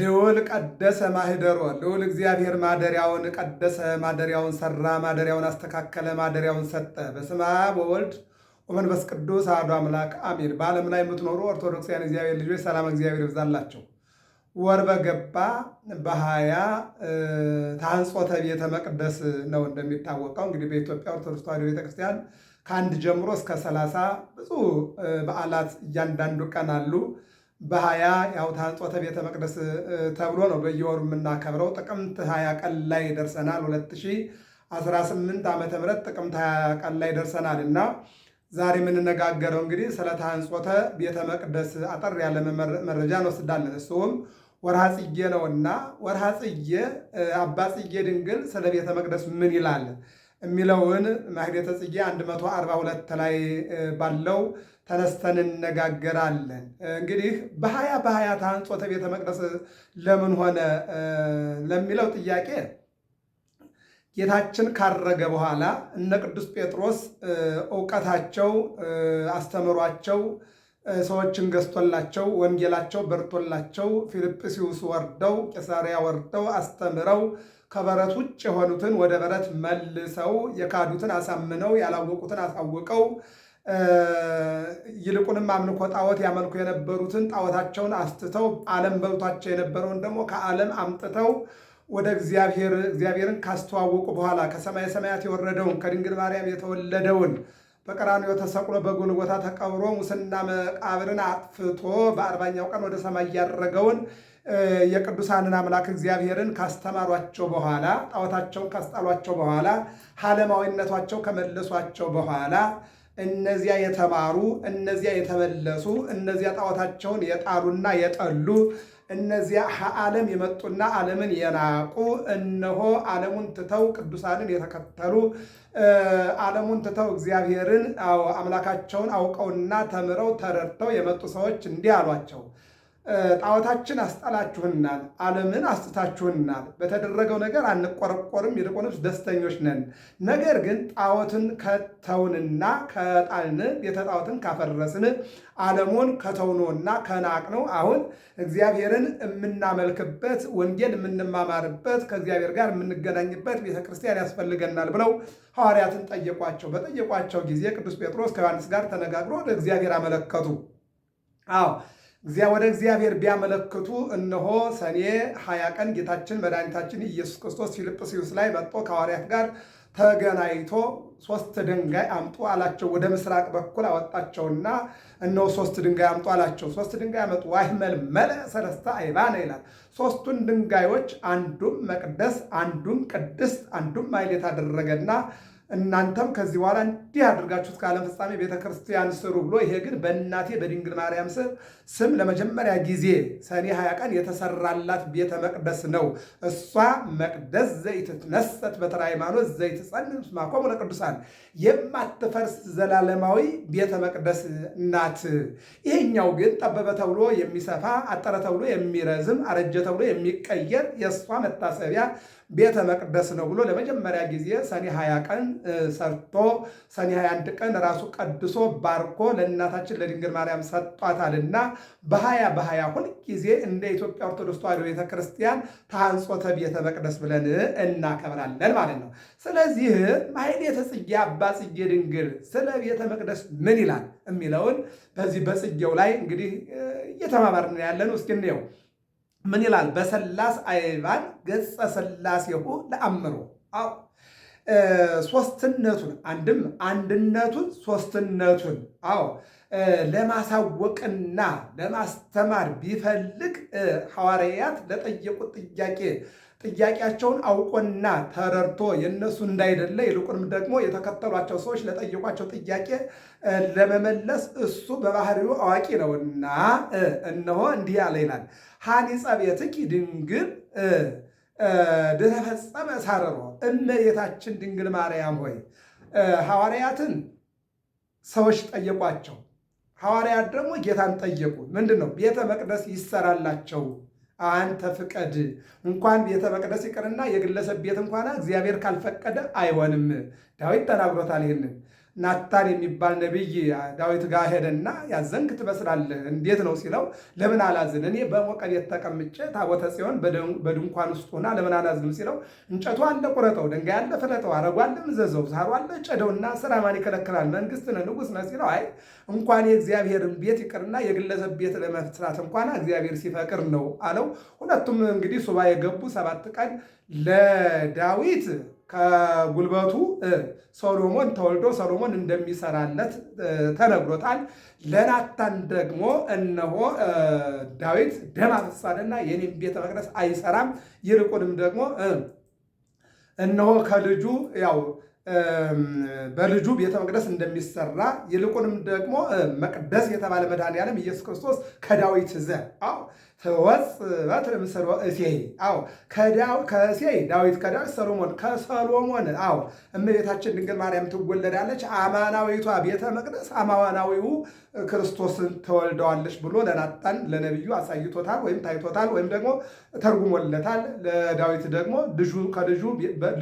ልዑል ቀደሰ ማህደሮ ልዑል እግዚአብሔር ማደሪያውን ቀደሰ፣ ማደሪያውን ሰራ፣ ማደሪያውን አስተካከለ፣ ማደሪያውን ሰጠ። በስመ አብ ወወልድ ወመንፈስ ቅዱስ አሐዱ አምላክ አሜን። በዓለም ላይ የምትኖሩ ኦርቶዶክሳውያን እግዚአብሔር ልጆች ሰላም እግዚአብሔር ይብዛላቸው። ወር በገባ በሀያ ታንጾተ ቤተ መቅደስ ነው እንደሚታወቀው እንግዲህ በኢትዮጵያ ኦርቶዶክስ ተዋሕዶ ቤተክርስቲያን ከአንድ ጀምሮ እስከ ሰላሳ ብዙ በዓላት እያንዳንዱ ቀን አሉ። በሀያ ያው ታንጾተ ቤተ መቅደስ ተብሎ ነው በየወሩ የምናከብረው። ጥቅምት ሀያ ቀን ላይ ደርሰናል። 2018 ዓ ም ጥቅምት ሀያ ቀን ላይ ደርሰናል እና ዛሬ የምንነጋገረው እንግዲህ ስለ ታንጾተ ቤተ መቅደስ አጠር ያለ መረጃ እንወስዳለን። እሱም ወርሃ ጽጌ ነው እና ወርሃ ጽጌ አባ ጽጌ ድንግል ስለ ቤተ መቅደስ ምን ይላል የሚለውን ማኅሌተ ጽጌ 142 ላይ ባለው ተነስተን እንነጋገራለን። እንግዲህ በሀያ በሀያ አንጾተ ቤተ መቅደስ ለምን ሆነ ለሚለው ጥያቄ ጌታችን ካረገ በኋላ እነ ቅዱስ ጴጥሮስ እውቀታቸው አስተምሯቸው ሰዎችን ገዝቶላቸው ወንጌላቸው በርቶላቸው ፊልጵስዩስ ወርደው ቄሳሪያ ወርደው አስተምረው ከበረት ውጭ የሆኑትን ወደ በረት መልሰው የካዱትን አሳምነው ያላወቁትን አሳውቀው ይልቁንም አምልኮ ጣዖት ያመልኩ የነበሩትን ጣዖታቸውን አስጥተው ዓለም በልቷቸው የነበረውን ደግሞ ከዓለም አምጥተው ወደ እግዚአብሔር እግዚአብሔርን ካስተዋወቁ በኋላ ከሰማይ ሰማያት የወረደውን ከድንግል ማርያም የተወለደውን በቀራንዮ ተሰቅሎ በጎልጎታ ተቀብሮ ሙስና መቃብርን አጥፍቶ በአርባኛው ቀን ወደ ሰማይ ያረገውን የቅዱሳንን አምላክ እግዚአብሔርን ካስተማሯቸው በኋላ ጣዖታቸውን ካስጣሏቸው በኋላ ዓለማዊነቷቸው ከመለሷቸው በኋላ እነዚያ የተማሩ እነዚያ የተመለሱ እነዚያ ጣዖታቸውን የጣሉና የጠሉ እነዚያ ዓለም የመጡና ዓለምን የናቁ እነሆ ዓለሙን ትተው ቅዱሳንን የተከተሉ ዓለሙን ትተው እግዚአብሔርን አምላካቸውን አውቀውና ተምረው ተረድተው የመጡ ሰዎች እንዲህ አሏቸው። ጣዖታችን አስጣላችሁናል፣ ዓለምን አስጥታችሁናል። በተደረገው ነገር አንቆረቆርም፣ ይልቁንስ ደስተኞች ነን። ነገር ግን ጣዖትን ከተውንና ከጣልን ቤተ ጣዖትን ካፈረስን ዓለሙን ከተውኖና ከናቅነው አሁን እግዚአብሔርን የምናመልክበት ወንጌል የምንማማርበት ከእግዚአብሔር ጋር የምንገናኝበት ቤተክርስቲያን ያስፈልገናል ብለው ሐዋርያትን ጠየቋቸው። በጠየቋቸው ጊዜ ቅዱስ ጴጥሮስ ከዮሐንስ ጋር ተነጋግሮ ለእግዚአብሔር አመለከቱ። አዎ ወደ እግዚአብሔር ቢያመለክቱ እነሆ ሰኔ ሀያ ቀን ጌታችን መድኃኒታችን ኢየሱስ ክርስቶስ ፊልጵስዩስ ላይ መጥቶ ከሐዋርያት ጋር ተገናኝቶ ሶስት ድንጋይ አምጡ አላቸው። ወደ ምስራቅ በኩል አወጣቸውና እነሆ ሶስት ድንጋይ አምጡ አላቸው። ሶስት ድንጋይ አመጡ። ዋይመል መለ ሰለስተ አይባነ ይላል። ሶስቱን ድንጋዮች አንዱም መቅደስ፣ አንዱም ቅድስት፣ አንዱም ማይሌት አደረገና እናንተም ከዚህ በኋላ እንዲህ አድርጋችሁት ከዓለም ዓለም ፍጻሜ ቤተክርስቲያን ስሩ ብሎ ይሄ ግን በእናቴ በድንግል ማርያም ስም ለመጀመሪያ ጊዜ ሰኔ ሀያ ቀን የተሰራላት ቤተ መቅደስ ነው። እሷ መቅደስ ዘይትትነሰት በተራ ሃይማኖት ዘይትጸንስ ማቆሙ ለቅዱሳን የማትፈርስ ዘላለማዊ ቤተ መቅደስ ናት። ይሄኛው ግን ጠበበ ተብሎ የሚሰፋ አጠረ ተብሎ የሚረዝም አረጀ ተብሎ የሚቀየር የእሷ መታሰቢያ ቤተ መቅደስ ነው ብሎ ለመጀመሪያ ጊዜ ሰኔ 20 ቀን ሰርቶ ሰኔ 21 ቀን ራሱ ቀድሶ ባርኮ ለእናታችን ለድንግል ማርያም ሰጧታልና በሀያ በሀያ ሁልጊዜ እንደ ኢትዮጵያ ኦርቶዶክስ ተዋሕዶ ቤተክርስቲያን ታንጾተ ቤተ መቅደስ ብለን እናከብራለን ማለት ነው። ስለዚህ ማኅሌተ ጽጌ አባ ጽጌ ድንግል ስለ ቤተ መቅደስ ምን ይላል የሚለውን በዚህ በጽጌው ላይ እንግዲህ እየተማማርን ያለን እስኪ እንየው። ምን ይላል? በሰላስ አይባል ገጸ ሥላሴሁ ለአምሮ አዎ ሶስትነቱን አንድም አንድነቱን ሶስትነቱን አዎ ለማሳወቅና ለማስተማር ቢፈልግ ሐዋርያት ለጠየቁት ጥያቄ ጥያቄያቸውን አውቆና ተረድቶ የእነሱ እንዳይደለ ይልቁንም ደግሞ የተከተሏቸው ሰዎች ለጠየቋቸው ጥያቄ ለመመለስ እሱ በባህሪው አዋቂ ነውና እነሆ እንዲህ ያለ ይላል ሀኒፀ ቤትኪ ድንግል ድተፈጸመ ሳረሮ እመቤታችን ድንግል ማርያም ሆይ ሐዋርያትን ሰዎች ጠየቋቸው ሐዋርያት ደግሞ ጌታን ጠየቁ ምንድን ነው ቤተ መቅደስ ይሰራላቸው አንተ ፍቀድ። እንኳን ቤተ መቅደስ ይቅርና የግለሰብ ቤት እንኳን እግዚአብሔር ካልፈቀደ አይሆንም። ዳዊት ተናግሮታል ይህንን ናታን የሚባል ነቢይ ዳዊት ጋር ሄደና ያዘንክ ትበስላለህ እንዴት ነው ሲለው፣ ለምን አላዝን እኔ በሞቀ ቤት ተቀምጬ ታቦተ ጽዮን በድንኳን ውስጥ ሆና ለምን አላዝንም ሲለው፣ እንጨቱ አለ ቁረጠው፣ ድንጋይ አለ ፍለጠው፣ አረጓ አለ ምዘዘው፣ ሳሩ አለ ጨደውና ስራ ማን ይከለክላል? መንግስት ነ ንጉስ ነ ሲለው፣ አይ እንኳን የእግዚአብሔርን ቤት ይቅርና የግለሰብ ቤት ለመስራት እንኳን እግዚአብሔር ሲፈቅር ነው አለው። ሁለቱም እንግዲህ ሱባ የገቡ ሰባት ቀን ለዳዊት ከጉልበቱ ሶሎሞን ተወልዶ ሶሎሞን እንደሚሰራለት ተነግሮታል። ለናታን ደግሞ እነሆ ዳዊት ደም አፍስሷልና የኔም ቤተ መቅደስ አይሰራም፣ ይልቁንም ደግሞ እነሆ ከልጁ ያው በልጁ ቤተ መቅደስ እንደሚሰራ ይልቁንም ደግሞ መቅደስ የተባለ መድኃኔ ኢየሱስ ክርስቶስ ከዳዊት ዘር ወፅ በትር ምስር እሴይ አዎ ዳዊት ከዳዊት ሰሎሞን ከሰሎሞን አዎ እመቤታችን ድንግል ማርያም ትወለዳለች፣ አማናዊቷ ቤተ መቅደስ አማናዊው ክርስቶስን ተወልደዋለች ብሎ ለናጣን ለነቢዩ አሳይቶታል ወይም ታይቶታል ወይም ደግሞ ተርጉሞለታል። ለዳዊት ደግሞ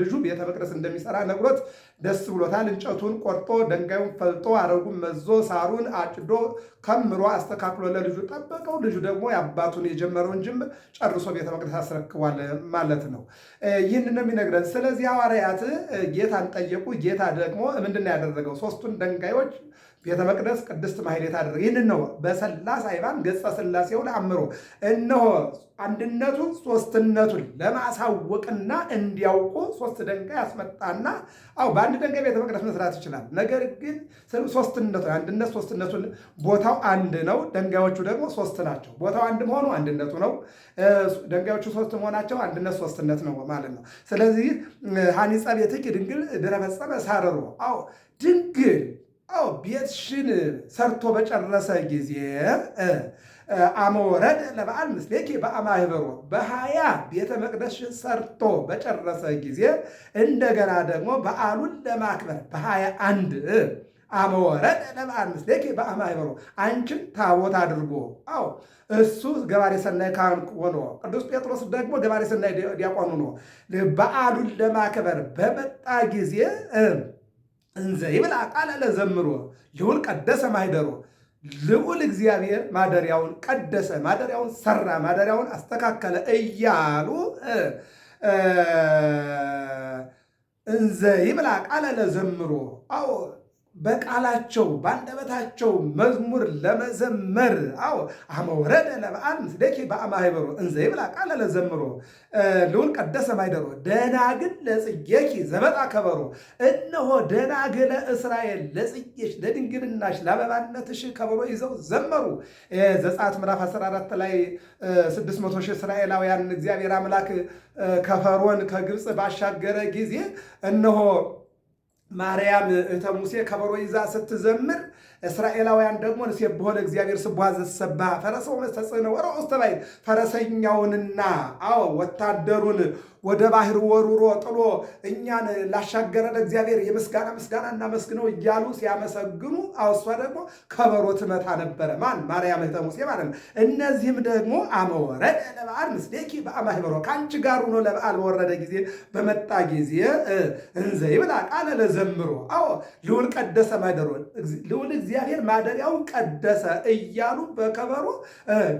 ልጁ ቤተ መቅደስ እንደሚሰራ ነግሮት ደስ ብሎታል። እንጨቱን ቆርጦ ደንጋዩን ፈልጦ አረጉን መዞ ሳሩን አጭዶ ከምሮ አስተካክሎ ለልጁ ጠበቀው። ልጁ ደግሞ የአባቱን የጀመረውን ጅም ጨርሶ ቤተ መቅደስ አስረክቧል ማለት ነው። ይህንን የሚነግረን ስለዚህ ሐዋርያት ጌታን ጠየቁ። ጌታ ደግሞ ምንድን ነው ያደረገው? ሶስቱን ደንጋዮች ቤተ መቅደስ ቅድስት ማሕሌት አደረገ። ይህን ነው በሰላሳ ይባን ገጸ ስላሴውን አምሮ እነሆ አንድነቱን ሶስትነቱን ለማሳወቅና እንዲያውቁ ሶስት ደንጋይ ያስመጣና አው በአንድ ደንጋይ ቤተ መቅደስ መስራት ይችላል። ነገር ግን ሶስትነቱ አንድነት ሶስትነቱን ቦታው አንድ ነው፣ ድንጋዮቹ ደግሞ ሶስት ናቸው። ቦታው አንድ መሆኑ አንድነቱ ነው። ድንጋዮቹ ሶስት መሆናቸው አንድነት ሶስትነት ነው ማለት ነው። ስለዚህ ሀኒፀ ቤትኪ ድንግል ድረፈጸመ ሳረሮ አው ድንግል አዎ ቤትሽን ሰርቶ በጨረሰ ጊዜ አመወረድ ለበዓል ምስሌኪ በአማህበሮ በሀያ ቤተ መቅደስሽን ሰርቶ በጨረሰ ጊዜ እንደገና ደግሞ በዓሉን ለማክበር በሀያ አንድ አመወረድ ለበዓል ምስሌኪ በአማህበሮ አንቺን ታቦት አድርጎ አዎ እሱ ገባሬ ሰናይ ካህን ሆኖ ቅዱስ ጴጥሮስ ደግሞ ገባሬ ሰናይ ዲያቆን ሆኖ በዓሉን ለማክበር በመጣ ጊዜ እንዘ ይብልዕ ቃለ ለዘምሮ ልዑል ቀደሰ ማኅደሮ ልዑል እግዚአብሔር ማደሪያውን ቀደሰ፣ ማደሪያውን ሰራ፣ ማደሪያውን አስተካከለ እያሉ እንዘ ይብልዕ ቃለ ለዘምሮ አዎ በቃላቸው በአንደበታቸው መዝሙር ለመዘመር አዎ አመወረደ ለበዓል ምስሌኪ በአማህበሩ እንዘ ይብላ ቃለ ለዘምሮ ልዑል ቀደሰ ማይደሮ ደናግል ለጽጌኪ ዘበጣ ከበሮ እነሆ ደናግለ እስራኤል ለጽጌሽ ለድንግልናሽ ለአበባነትሽ ከበሮ ይዘው ዘመሩ ዘጸአት ምዕራፍ 14 ላይ 600 ሺህ እስራኤላውያን እግዚአብሔር አምላክ ከፈሮን ከግብፅ ባሻገረ ጊዜ እነሆ ማርያም እህተ ሙሴ ከበሮ ይዛ ስትዘምር እስራኤላውያን ደግሞ ንሴ ንሴብሖ ለእግዚአብሔር ስቡሐ ዘተሰብሐ ፈረሰ ተጽዕኖ ውስተ ባሕር ፈረሰኛውንና አዎ ወታደሩን ወደ ባህር ወሩሮ ጥሎ እኛን ላሻገረን እግዚአብሔር የምስጋና ምስጋና እናመስግነው እያሉ ሲያመሰግኑ፣ አውሷ ደግሞ ከበሮ ትመታ ነበረ። ማን ማርያም እህተ ሙሴ ማለት ነው። እነዚህም ደግሞ አመወረ ለበዓል ምስሌኪ በአማህበሮ ከአንቺ ጋር ሆኖ ለበዓል በወረደ ጊዜ በመጣ ጊዜ እንዘ ይብላ ቃለ ለዘምሮ አዎ ልዑል ቀደሰ ማደሮን ልዑል እግዚአብሔር ማደሪያውን ቀደሰ እያሉ በከበሮ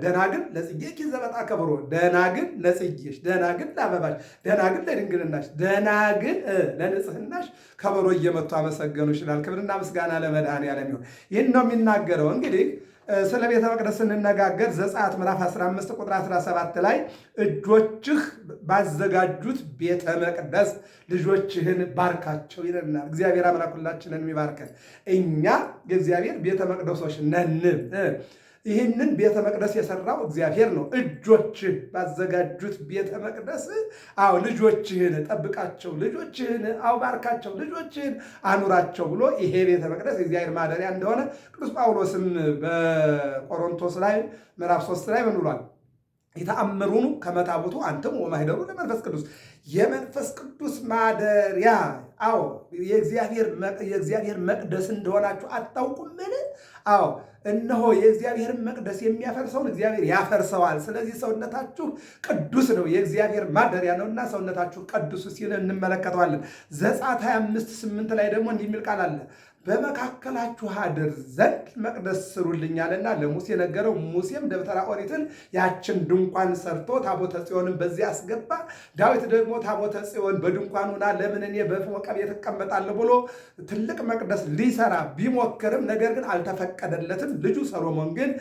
ደናግል ለጽጌኪ ዘበጣ ከበሮ ደናግል ለጽጌሽ፣ ደናግል ለአበባሽ፣ ደናግል ለድንግልናሽ፣ ደናግል ለንጽህናሽ ከበሮ እየመቱ አመሰገኑ ይችላል። ክብርና ምስጋና ለመድኃኔዓለም ይሁን። ይህን ነው የሚናገረው እንግዲህ ስለ ቤተ መቅደስ ስንነጋገር ዘጸአት ምዕራፍ 15 ቁጥር 17 ላይ እጆችህ ባዘጋጁት ቤተ መቅደስ ልጆችህን ባርካቸው ይለናል። እግዚአብሔር አምላክ ሁላችንን የሚባርከን እኛ የእግዚአብሔር ቤተ መቅደሶች ነን። ይህንን ቤተ መቅደስ የሰራው እግዚአብሔር ነው። እጆችህ ባዘጋጁት ቤተ መቅደስ አዎ ልጆችህን ጠብቃቸው፣ ልጆችህን አውባርካቸው ባርካቸው፣ ልጆችህን አኑራቸው ብሎ ይሄ ቤተ መቅደስ የእግዚአብሔር ማደሪያ እንደሆነ ቅዱስ ጳውሎስም በቆሮንቶስ ላይ ምዕራፍ ሶስት ላይ ምን ብሏል? የተአምሩኑ ከመታቦቱ አንተም ወማህደሩ ለመንፈስ ቅዱስ የመንፈስ ቅዱስ ማደሪያ አዎ የእግዚአብሔር መቅደስ እንደሆናችሁ አታውቁምን? አዎ እነሆ የእግዚአብሔርን መቅደስ የሚያፈርሰውን እግዚአብሔር ያፈርሰዋል። ስለዚህ ሰውነታችሁ ቅዱስ ነው፣ የእግዚአብሔር ማደሪያ ነው እና ሰውነታችሁ ቅዱስ ሲል እንመለከተዋለን። ዘጸአት 25 8 ላይ ደግሞ እንዲህ የሚል ቃል አለ በመካከላችሁ አድር ዘንድ መቅደስ ስሩልኛልና ለሙሴ ነገረው። ሙሴም ደብተራ ኦሪትን ያችን ድንኳን ሰርቶ ታቦተ ጽዮንን በዚህ አስገባ። ዳዊት ደግሞ ታቦተ ጽዮን በድንኳን ሁና ለምን እኔ በፎቀ ቤት እቀመጣለሁ ብሎ ትልቅ መቅደስ ሊሰራ ቢሞክርም ነገር ግን አልተፈቀደለትም። ልጁ ሰሎሞን ግን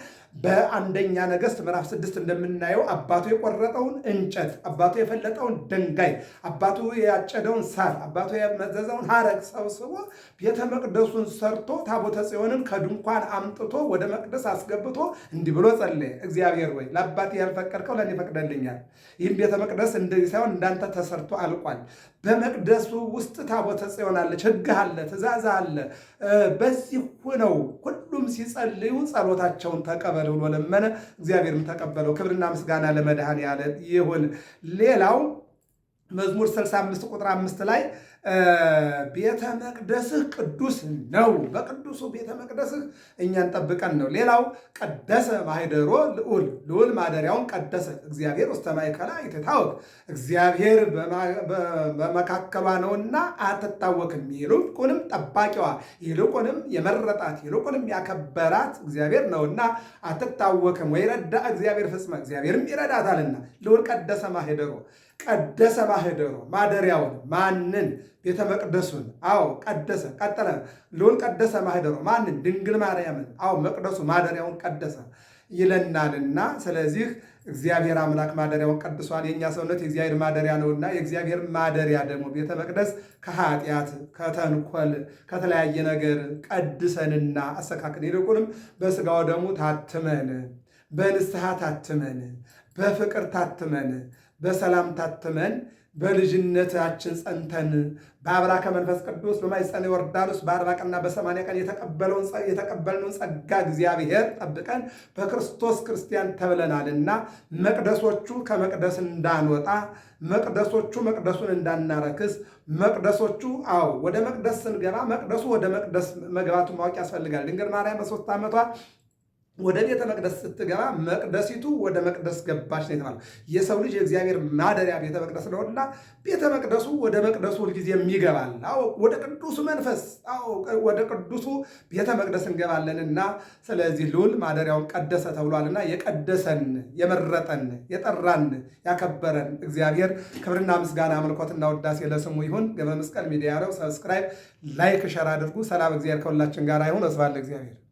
በአንደኛ ነገሥት ምዕራፍ ስድስት እንደምናየው አባቱ የቆረጠውን እንጨት፣ አባቱ የፈለጠውን ድንጋይ፣ አባቱ ያጨደውን ሳር፣ አባቱ የመዘዘውን ሐረግ ሰብስቦ ቤተ መቅደሱን ሰርቶ ታቦተ ጽዮንን ከድንኳን አምጥቶ ወደ መቅደስ አስገብቶ እንዲህ ብሎ ጸለየ። እግዚአብሔር ወይ ለአባቴ ያልፈቀድከው ለእኔ ፈቅደልኛል። ይህም ቤተ መቅደስ እንደዚህ ሳይሆን እንዳንተ ተሰርቶ አልቋል። በመቅደሱ ውስጥ ታቦተ ጽዮን አለች። ሕግህ አለ፣ ትእዛዝ አለ። በዚህ ሁነው ሁሉም ሲጸልዩ ጸሎታቸውን ተቀበል ብሎ ለመነ። እግዚአብሔርም ተቀበለው። ክብርና ምስጋና ለመድኃኔዓለም ይሁን። ሌላው መዝሙር 65 ቁጥር 5 ላይ ቤተ መቅደስህ ቅዱስ ነው። በቅዱሱ ቤተ መቅደስህ እኛን ጠብቀን ነው። ሌላው ቀደሰ ማህደሮ ልዑል ልዑል ማደሪያውን ቀደሰ። እግዚአብሔር ውስተ ማእከላ ይትታወቅ፣ እግዚአብሔር በመካከሏ ነውና አትታወክም። ይልቁንም ጠባቂዋ፣ ይልቁንም የመረጣት፣ ይልቁንም ያከበራት እግዚአብሔር ነውና አትታወክም። ወይረዳ እግዚአብሔር ፍጽመ እግዚአብሔርም ይረዳታልና ልዑል ቀደሰ ማህደሮ ቀደሰ ማህደሮ ማደሪያውን ማንን? ቤተ መቅደሱን። አዎ ቀደሰ። ቀጠለ ልዑል ቀደሰ ማህደሮ ማንን? ድንግል ማርያምን። አዎ መቅደሱ ማደሪያውን ቀደሰ ይለናልና ስለዚህ እግዚአብሔር አምላክ ማደሪያውን ቀድሷል። የእኛ ሰውነት የእግዚአብሔር ማደሪያ ነውና የእግዚአብሔር ማደሪያ ደግሞ ቤተ መቅደስ ከኃጢአት፣ ከተንኮል፣ ከተለያየ ነገር ቀድሰንና አስተካክል ይልቁንም በስጋው ደግሞ ታትመን በንስሐ ታትመን በፍቅር ታትመን በሰላም ታትመን በልጅነታችን ጸንተን በአብራከ መንፈስ ቅዱስ በማይጸን ዮርዳኖስ በአርባ ቀንና በሰማንያ ቀን የተቀበልነውን ጸጋ እግዚአብሔር ጠብቀን በክርስቶስ ክርስቲያን ተብለናልና መቅደሶቹ ከመቅደስ እንዳንወጣ መቅደሶቹ መቅደሱን እንዳናረክስ መቅደሶቹ አዎ ወደ መቅደስ ስንገባ መቅደሱ ወደ መቅደስ መግባቱ ማወቅ ያስፈልጋል። ድንግል ማርያም በሶስት ዓመቷ ወደ ቤተ መቅደስ ስትገባ መቅደሲቱ ወደ መቅደስ ገባች ነው የተባለው። የሰው ልጅ የእግዚአብሔር ማደሪያ ቤተ መቅደስ ነውና ቤተ መቅደሱ ወደ መቅደሱ ሁልጊዜ የሚገባል። አዎ ወደ ቅዱሱ መንፈስ፣ አዎ ወደ ቅዱሱ ቤተ መቅደስ እንገባለንና ስለዚህ ልዑል ማደሪያውን ቀደሰ ተብሏልና የቀደሰን የመረጠን የጠራን ያከበረን እግዚአብሔር ክብርና ምስጋና አምልኮትና ውዳሴ ለስሙ ይሁን። ገብረ መስቀል ሚዲያ ነው። ሰብስክራይብ፣ ላይክ፣ ሸር አድርጉ። ሰላም እግዚአብሔር ከሁላችን ጋር ይሁን። እስባለ እግዚአብሔር